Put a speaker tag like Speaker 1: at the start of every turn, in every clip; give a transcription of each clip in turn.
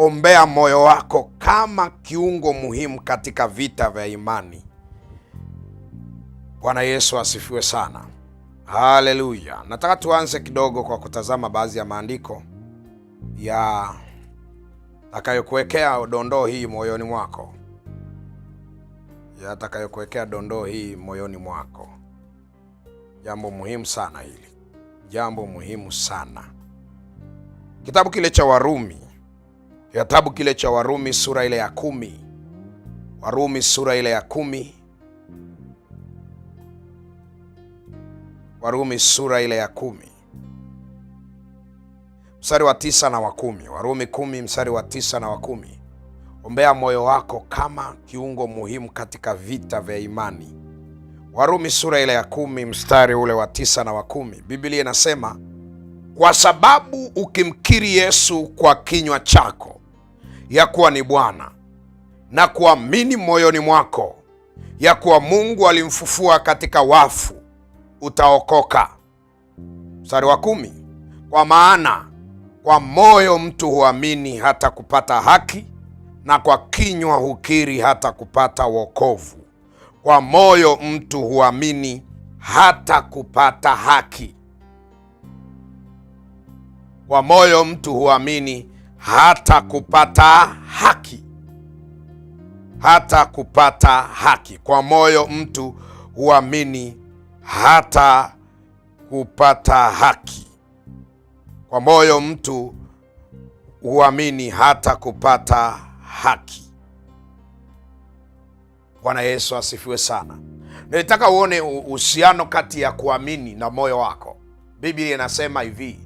Speaker 1: ombea moyo wako kama kiungo muhimu katika vita vya imani. Bwana Yesu asifiwe sana, haleluya. Nataka tuanze kidogo kwa kutazama baadhi ya maandiko ya takayokuwekea dondoo hii moyoni mwako, yatakayokuwekea dondoo hii moyoni mwako. Jambo muhimu sana hili, jambo muhimu sana. Kitabu kile cha Warumi Kitabu kile cha Warumi sura ile ya kumi, Warumi sura ile ya kumi, Warumi sura ile ya kumi mstari wa tisa na wa kumi. Warumi kumi mstari wa tisa na wa kumi. Ombea moyo wako kama kiungo muhimu katika vita vya imani. Warumi sura ile ya kumi mstari ule wa tisa na wa kumi, Biblia inasema kwa sababu ukimkiri Yesu kwa kinywa chako ya kuwa ni Bwana na kuamini moyoni mwako ya kuwa Mungu alimfufua katika wafu, utaokoka. Mstari wa kumi, kwa maana kwa moyo mtu huamini hata kupata haki, na kwa kinywa hukiri hata kupata wokovu. Kwa moyo mtu huamini hata kupata haki, kwa moyo mtu huamini hata kupata haki, hata kupata haki. Kwa moyo mtu huamini hata kupata haki, kwa moyo mtu huamini hata kupata haki. Bwana Yesu asifiwe sana. Nilitaka uone uhusiano kati ya kuamini na moyo wako. Biblia inasema hivi,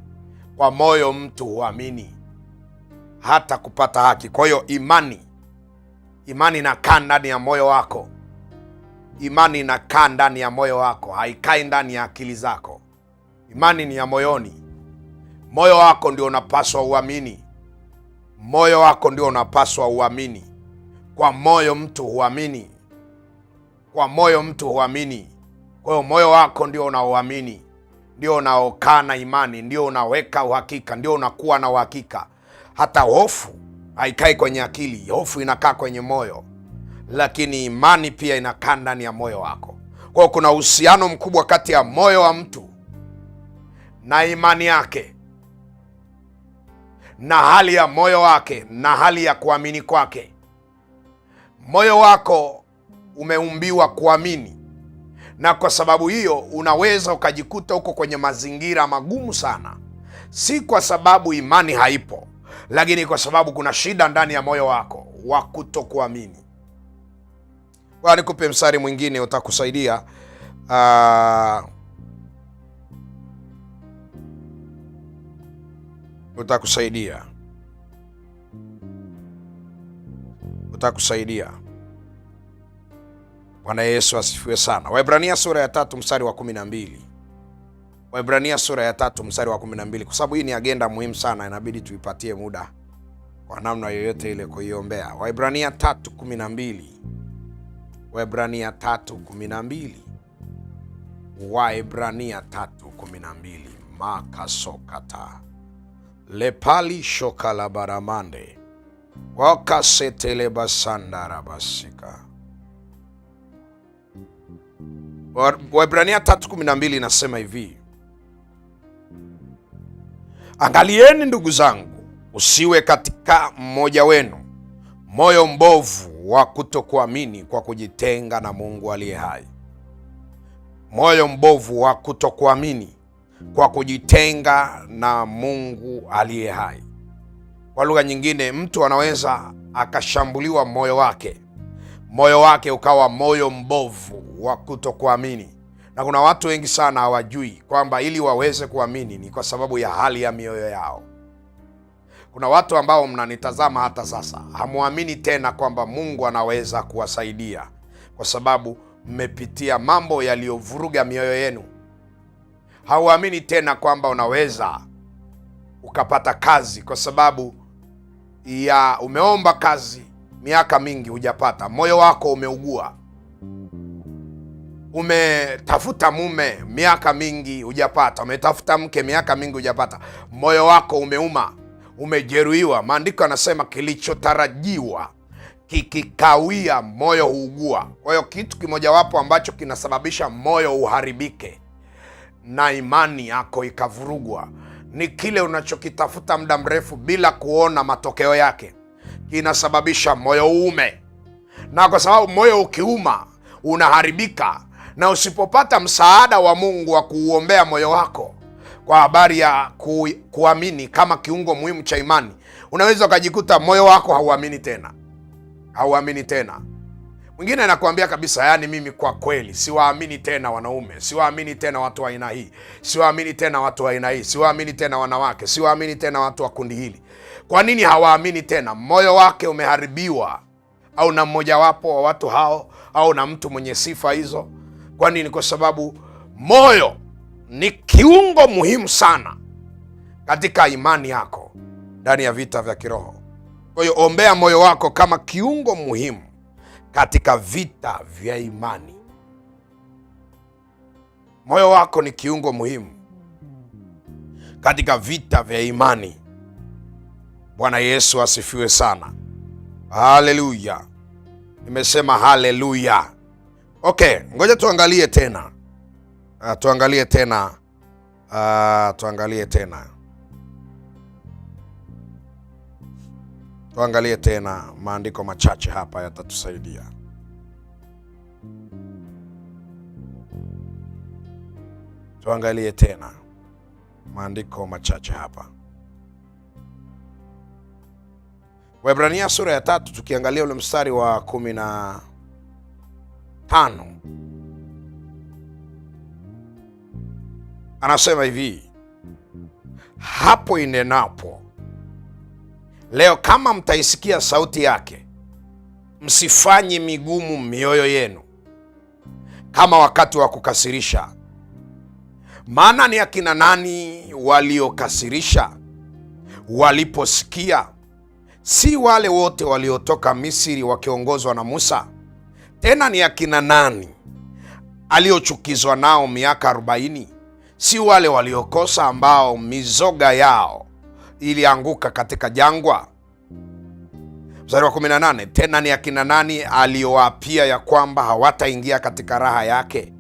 Speaker 1: kwa moyo mtu huamini hata kupata haki. Kwa hiyo imani, imani inakaa ndani ya moyo wako, imani inakaa ndani ya moyo wako, haikai ndani ya akili zako. Imani ni ya moyoni. Moyo wako ndio unapaswa uamini, moyo wako ndio unapaswa uamini. Kwa moyo mtu huamini, kwa moyo mtu huamini. Kwa hiyo moyo wako ndio unaoamini, ndio unaokaa na imani, ndio unaweka uhakika, ndio unakuwa na uhakika hata hofu haikai kwenye akili, hofu inakaa kwenye moyo, lakini imani pia inakaa ndani ya moyo wako. Kwa hiyo kuna uhusiano mkubwa kati ya moyo wa mtu na imani yake na hali ya moyo wake na hali ya kuamini kwake. Moyo wako umeumbiwa kuamini, na kwa sababu hiyo unaweza ukajikuta huko kwenye mazingira magumu sana, si kwa sababu imani haipo lakini kwa sababu kuna shida ndani ya moyo wako wa kutokuamini. Kwa nikupe mstari mwingine utakusaidia. Uh, utakusaidia utakusaidia. Bwana Yesu asifiwe sana. Waebrania sura ya tatu mstari wa kumi na mbili. Waebrania sura ya tatu mstari wa 12, kwa sababu hii ni agenda muhimu sana, inabidi tuipatie muda kwa namna yoyote ile kuiombea. Waebrania 3:12, Waebrania 3:12, Waebrania 3:12. makasokata lepali shokalabaramande wakasetelebasandarabasika Waebrania 3:12 inasema hivi Angalieni ndugu zangu, usiwe katika mmoja wenu moyo mbovu wa kutokuamini kwa kujitenga na Mungu aliye hai. Moyo mbovu wa kutokuamini kwa kujitenga na Mungu aliye hai. Kwa lugha nyingine, mtu anaweza akashambuliwa moyo wake, moyo wake ukawa moyo mbovu wa kutokuamini na kuna watu wengi sana hawajui kwamba ili waweze kuamini ni kwa sababu ya hali ya mioyo yao. Kuna watu ambao mnanitazama hata sasa, hamwamini tena kwamba Mungu anaweza kuwasaidia kwa sababu mmepitia mambo yaliyovuruga mioyo yenu. Hauamini tena kwamba unaweza ukapata kazi kwa sababu ya umeomba kazi miaka mingi hujapata, moyo wako umeugua umetafuta mume miaka mingi hujapata, umetafuta mke miaka mingi hujapata, moyo wako umeuma, umejeruhiwa. Maandiko anasema kilichotarajiwa kikikawia, moyo huugua. Kwa hiyo kitu kimojawapo ambacho kinasababisha moyo uharibike na imani yako ikavurugwa ni kile unachokitafuta muda mrefu bila kuona matokeo yake, kinasababisha moyo uume. Na kwa sababu moyo ukiuma unaharibika, na usipopata msaada wa Mungu wa kuuombea moyo wako kwa habari ya ku, kuamini kama kiungo muhimu cha imani, unaweza ukajikuta moyo wako hauamini tena, hauamini tena. Mwingine anakuambia kabisa, yaani mimi kwa kweli siwaamini tena wanaume, siwaamini tena watu wa aina hii, siwaamini tena watu wa aina hii, siwaamini tena wanawake, siwaamini tena watu wa kundi hili. Kwa nini hawaamini tena? Moyo wake umeharibiwa, au na mmojawapo wa watu hao, au na mtu mwenye sifa hizo kwa nini? kwa sababu moyo ni kiungo muhimu sana katika imani yako ndani ya vita vya kiroho. Kwa hiyo ombea moyo wako kama kiungo muhimu katika vita vya imani. Moyo wako ni kiungo muhimu katika vita vya imani. Bwana Yesu asifiwe sana. Haleluya! Nimesema haleluya. Okay, ngoja tuangalie tena uh, tuangalie tena uh, tuangalie tena tuangalie tena maandiko machache hapa yatatusaidia. Tuangalie tena maandiko machache hapa, Waebrania sura ya tatu, tukiangalia ule mstari wa kumi na tano anasema hivi, hapo inenapo leo, kama mtaisikia sauti yake, msifanye migumu mioyo yenu kama wakati wa kukasirisha. Maana ni akina nani waliokasirisha waliposikia? Si wale wote waliotoka Misri wakiongozwa na Musa? Tena ni akina nani aliochukizwa nao miaka 40 Si wale waliokosa ambao mizoga yao ilianguka katika jangwa? Mstari wa 18, tena ni akina nani aliyowaapia ya kwamba hawataingia katika raha yake,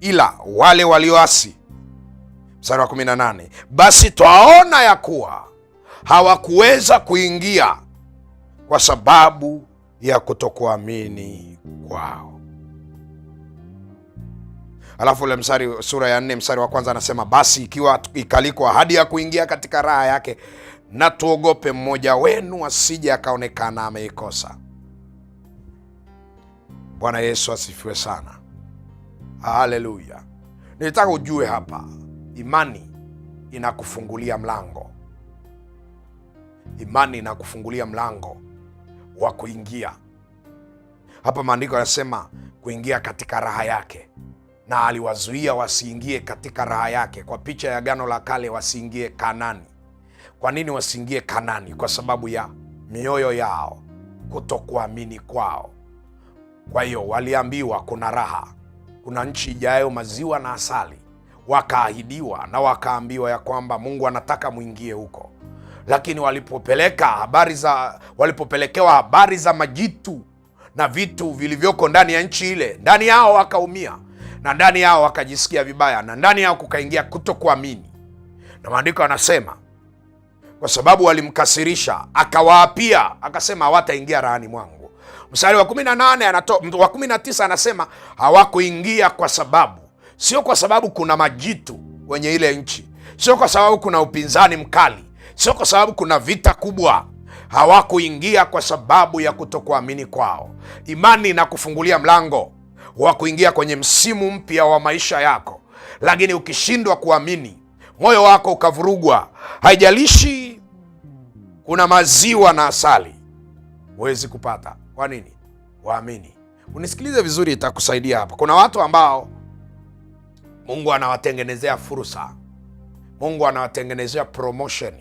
Speaker 1: ila wale walioasi. Mstari wa 18, basi twaona ya kuwa hawakuweza kuingia kwa sababu ya kutokuamini kwao. Alafu ule mstari, sura ya nne mstari wa kwanza anasema, basi ikiwa ikaliko ahadi ya kuingia katika raha yake, na tuogope mmoja wenu asije akaonekana ameikosa. Bwana Yesu asifiwe sana, haleluya. Nilitaka ujue hapa, imani inakufungulia mlango, imani inakufungulia mlango wa kuingia. Hapa maandiko yanasema kuingia katika raha yake, na aliwazuia wasiingie katika raha yake. Kwa picha ya gano la Kale, wasiingie Kanani. Kwa nini wasiingie Kanani? Kwa sababu ya mioyo yao kutokuamini kwao. Kwa hiyo waliambiwa kuna raha, kuna nchi ijayo maziwa na asali, wakaahidiwa na wakaambiwa ya kwamba Mungu anataka mwingie huko lakini walipopeleka habari za walipopelekewa habari za majitu na vitu vilivyoko ndani ya nchi ile, ndani yao wakaumia na ndani yao wakajisikia vibaya na ndani yao kukaingia kutokuamini. Na maandiko anasema kwa sababu walimkasirisha, akawaapia akasema, hawataingia rahani mwangu. Mstari wa 18 wa 19 anasema hawakuingia kwa sababu, sio kwa sababu kuna majitu kwenye ile nchi, sio kwa sababu kuna upinzani mkali sio kwa sababu kuna vita kubwa. Hawakuingia kwa sababu ya kutokuamini kwao. Imani inakufungulia mlango wa kuingia kwenye msimu mpya wa maisha yako, lakini ukishindwa kuamini, moyo wako ukavurugwa, haijalishi kuna maziwa na asali, huwezi kupata. Kwa nini? Waamini. Unisikilize vizuri, itakusaidia hapa. Kuna watu ambao Mungu anawatengenezea fursa, Mungu anawatengenezea promotion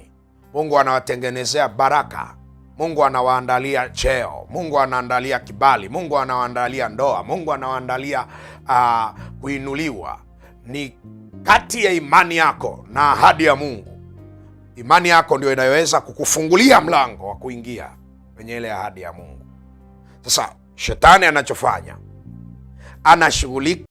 Speaker 1: Mungu anawatengenezea baraka, Mungu anawaandalia cheo, Mungu anaandalia kibali, Mungu anawaandalia ndoa, Mungu anawaandalia uh, kuinuliwa. Ni kati ya imani yako na ahadi ya Mungu. Imani yako ndio inayoweza kukufungulia mlango wa kuingia kwenye ile ahadi ya Mungu. Sasa shetani anachofanya anashughulika